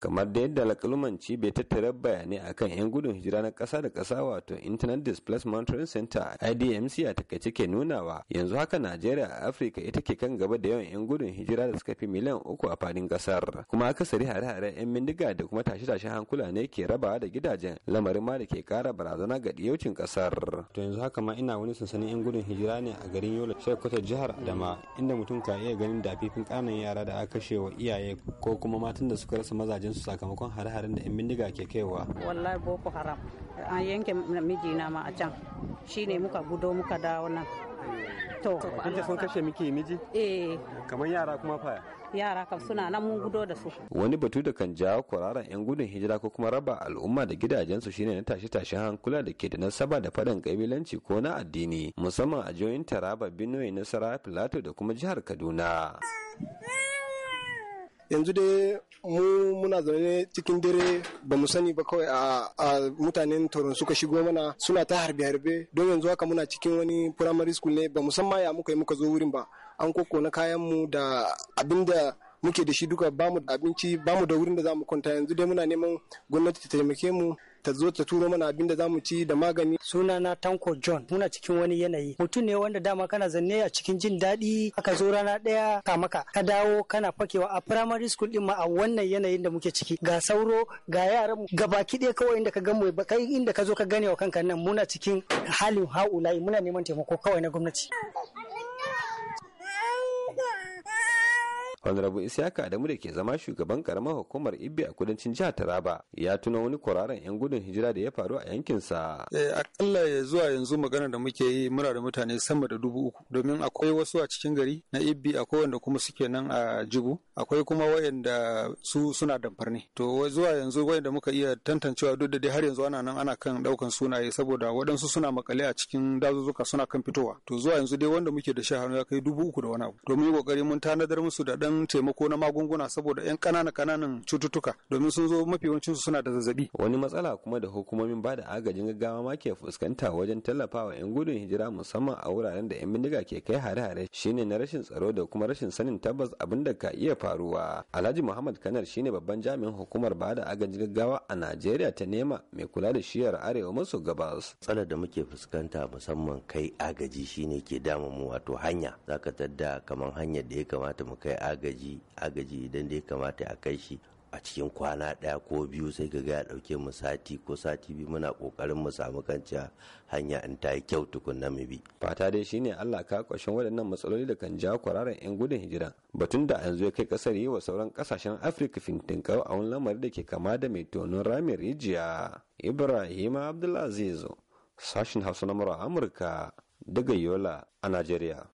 kamar da yadda alƙalumanci bai tattara bayanai akan 'yan gudun hijira na kasa da kasa wato internet displacement monitoring center idmc a takaice ke nunawa yanzu haka najeriya a afirka ita ke kan gaba da yawan 'yan gudun hijira da suka fi miliyan uku a fadin kasar. kuma aka akasari hare hare 'yan bindiga da kuma tashe-tashen hankula ne ke rabawa da gidajen lamarin ma da ke kara barazana ga diyaucin kasar. to yanzu haka ma ina wani sansanin 'yan gudun hijira ne a garin yola sokoto jihar adama inda mutum ka iya ganin dafifin ƙananan yara da aka kashe wa iyaye ko kuma matan da suka rasa mazajen su sakamakon hare-haren da 'yan bindiga ke kaiwa. Wallahi Boko Haram an yanke na ma a can ne muka gudo muka dawo nan. To, an sun kashe miki miji? Eh. Kamar yara kuma fa? Yara kam suna nan mun gudo da su. Wani batu da kan jawo kwararan 'yan gudun hijira ko kuma raba al'umma da gidajensu shine na tashe-tashen hankula da ke da nasaba da faɗin kabilanci ko na addini musamman a jihohin Taraba, Benue, nasara Plateau da kuma jihar Kaduna. yanzu dai mu muna zaune cikin dare ba mu sani ba kawai a mutanen toron suka shigo mana suna ta harbe harbe don yanzu haka muna cikin wani primary school ne ba musamma ya muka yi muka zo wurin ba an koko na kayan mu da abinda muke da shi duka ba mu da abinci ba mu da wurin da za mu kwanta yanzu dai muna neman gwamnati ta taimake mu ta zo ta turo mana abin da za mu ci da magani Suna na tanko john muna cikin wani yanayi mutum ne wanda dama kana zanne a cikin jin daɗi aka zo rana ɗaya ka maka ka dawo kana fakewa a primary school ɗin ma a wannan yanayin da muke ciki ga sauro ga yaran baki ɗaya kawai inda ka gamu kai inda ka zo ka gane wa kanka nan muna cikin halin ha'ula'i muna neman taimako kawai na gwamnati honorable isiaka adamu da ke zama shugaban karamar hukumar ibbi a kudancin jihar taraba ya tuna wani kwararren yan gudun hijira da ya faru a yankinsa eh, akalla ya zuwa yanzu magana da muke yi muna da mutane sama da dubu uku domin akwai wasu a cikin gari na ibbi akwai wanda kuma suke nan a jibu akwai kuma wayanda su suna damfar ne to zuwa yanzu wayanda muka iya tantancewa duk da dai har yanzu ana nan ana kan daukan sunaye saboda waɗansu suna makale a cikin dazuzzuka suna kan fitowa to zuwa yanzu dai wanda muke da shi hannu ya kai dubu uku da wani abu domin kokari mun tanadar musu da dan taimako na magunguna saboda 'yan kanana ƙananan cututtuka domin sun zo mafi yawancin su suna da zazzabi. Wani matsala kuma da hukumomin ba da agajin gaggawa ma ke fuskanta wajen tallafawa 'yan gudun hijira musamman a wuraren da 'yan bindiga ke kai hare-hare shine na rashin tsaro da kuma rashin sanin tabbas abin da ka iya faruwa. Alhaji Muhammad Kanar shine babban jami'in hukumar ba da agajin gaggawa a Najeriya ta nema mai kula da shiyar arewa maso gabas. tsala da muke fuskanta musamman kai agaji shine ke damu mu wato hanya zaka tadda kamar hanyar da ya kamata mu kai agaji agaji agaji idan dai kamata a kai shi a cikin kwana ɗaya ko biyu sai ga ya ɗauke mu sati ko sati biyu muna kokarin mu samu kanciya hanya in ta yi kyau tukunna mu bi. Fata dai shine Allah ka ƙwashin waɗannan matsaloli da kan ja kwararan 'yan gudun hijira. Batun da yanzu ya kai ƙasar yi wa sauran ƙasashen Afirka fintinkau a wani lamari da ke kama da mai tonon rami rijiya. Ibrahim Abdulaziz, sashin Hausa na Amurka daga Yola a Najeriya.